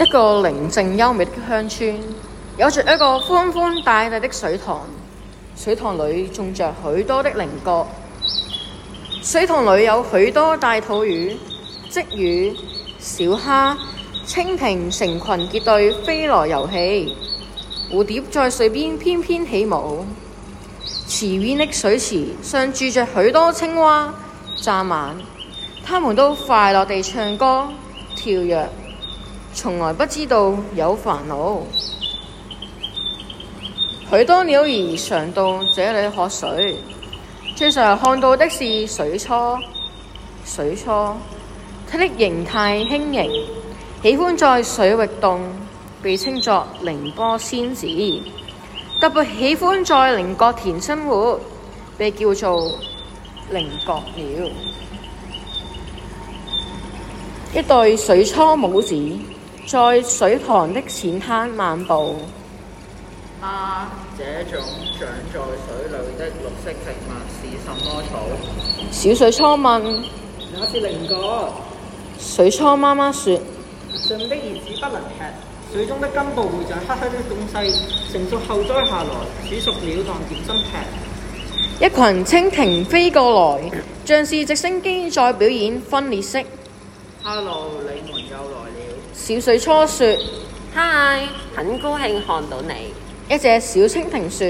一個寧靜優美的鄉村，有着一個寬寬大大的水塘，水塘裏種着許多的菱角，水塘裏有許多大肚魚、鯽魚、小蝦、蜻蜓成群結隊飛來遊戲，蝴蝶在水邊翩翩起舞，池邊的水池上住着許多青蛙、蚱蜢，他們都快樂地唱歌、跳躍。從來不知道有煩惱。許多鳥兒常到這裏喝水，最常看到的是水雉。水雉，它的形態輕盈，喜歡在水域動，被稱作凌波仙子。特別喜歡在菱角田生活，被叫做菱角鳥。一對水雉母子。在水塘的淺灘漫步。啊，這種長在水裏的綠色植物是什麼草？小水草問。那是蘆角。水草媽媽說，上面的葉子不能吃，水中的根部會長黑黑的東西。成熟後，摘下來煮熟了當點心吃。一群蜻蜓飛過來，像是直升機在表演分裂式。哈嘍，你們又來。小水初說，嗨，Hi, 很高興看到你。一隻小蜻蜓說：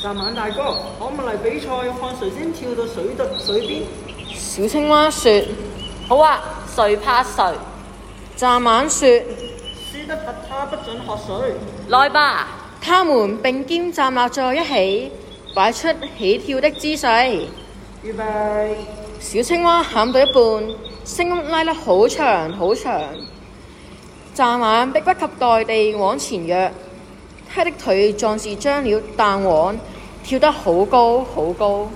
蚱蜢大哥，我唔嚟比賽，看誰先跳到水水邊？小青蛙說：好啊，誰怕誰？蚱蜢說：輸得不他不准喝水。來吧，他們並肩站立在一起，擺出起跳的姿勢。預備。小青蛙喊到一半，聲音拉得好長好長。眨眼，迫不及待地往前躍，他的腿像是裝了彈簧，跳得好高好高。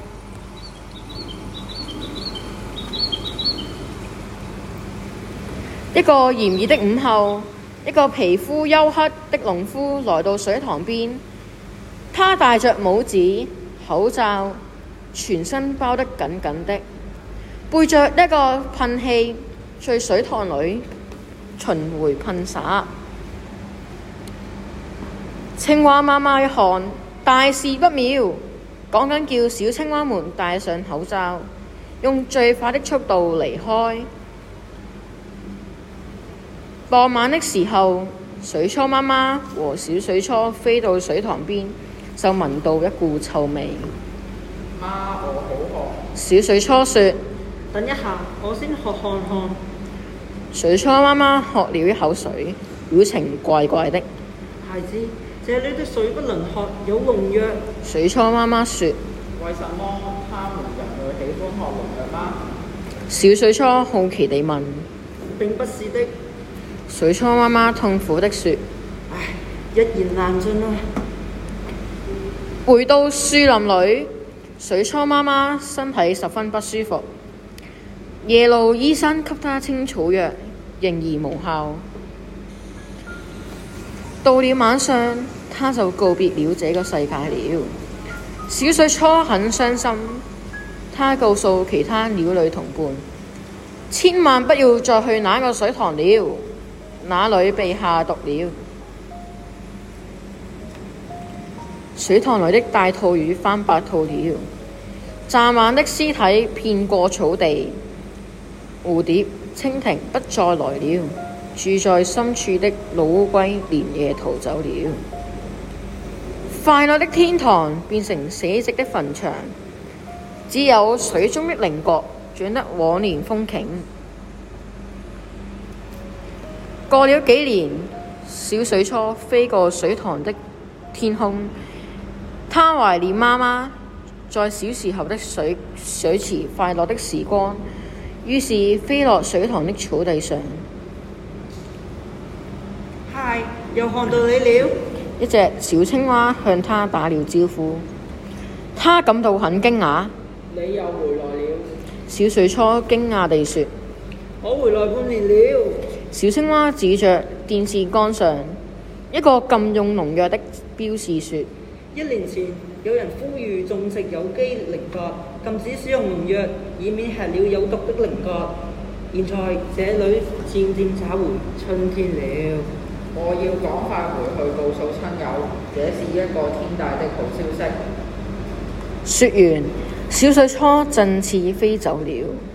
一個炎熱的午後，一個皮膚黝黑的農夫來到水塘邊，他戴着帽子、口罩，全身包得緊緊的，背着一個噴氣，在水塘裏，循環噴灑，青蛙媽媽一看，大事不妙，趕緊叫小青蛙們戴上口罩，用最快的速度離開。傍晚的時候，水草媽媽和小水草飛到水塘邊，就聞到一股臭味。媽，我好渴。小水草說：等一下，我先喝看看。水初媽媽喝了一口水，表情怪怪的。孩子，這裏的水不能喝，有農藥。水初媽媽說：為什麼他們人類喜歡喝農藥嗎？小水初好奇地問。並不是的。水初媽媽痛苦地說：唉，一言難盡啊。回到樹林裏，水初媽媽身體十分不舒服，夜路醫生給她清草藥。仍然無效。到了晚上，他就告別了這個世界了。小水初很傷心，他告訴其他鳥類同伴，千萬不要再去那個水塘了，那裏被下毒了。水塘裏的大頭魚翻白肚了，蚱蜢的屍體遍過草地。蝴蝶、蜻蜓不再來了，住在深處的老烏龜連夜逃走了。快樂的天堂變成死寂的墳場，只有水中的菱角長得往年風景。過了幾年，小水鶴飛過水塘的天空，他懷念媽媽在小時候的水，水池快樂的時光。於是飛落水塘的草地上。嗨，又看到你了。一隻小青蛙向他打了招呼。他感到很驚訝。你又回來了。小水初驚訝地說：我回來半年了。小青蛙指着電線杆上一個禁用農藥的標示說：一年前有人呼籲種植有機菱角。禁止使用農藥，以免吃了有毒的菱角。現在這裡漸漸找回春天了。我要趕快回去告訴親友，這是一個天大的好消息。説完，小水鶴振翅飛走了。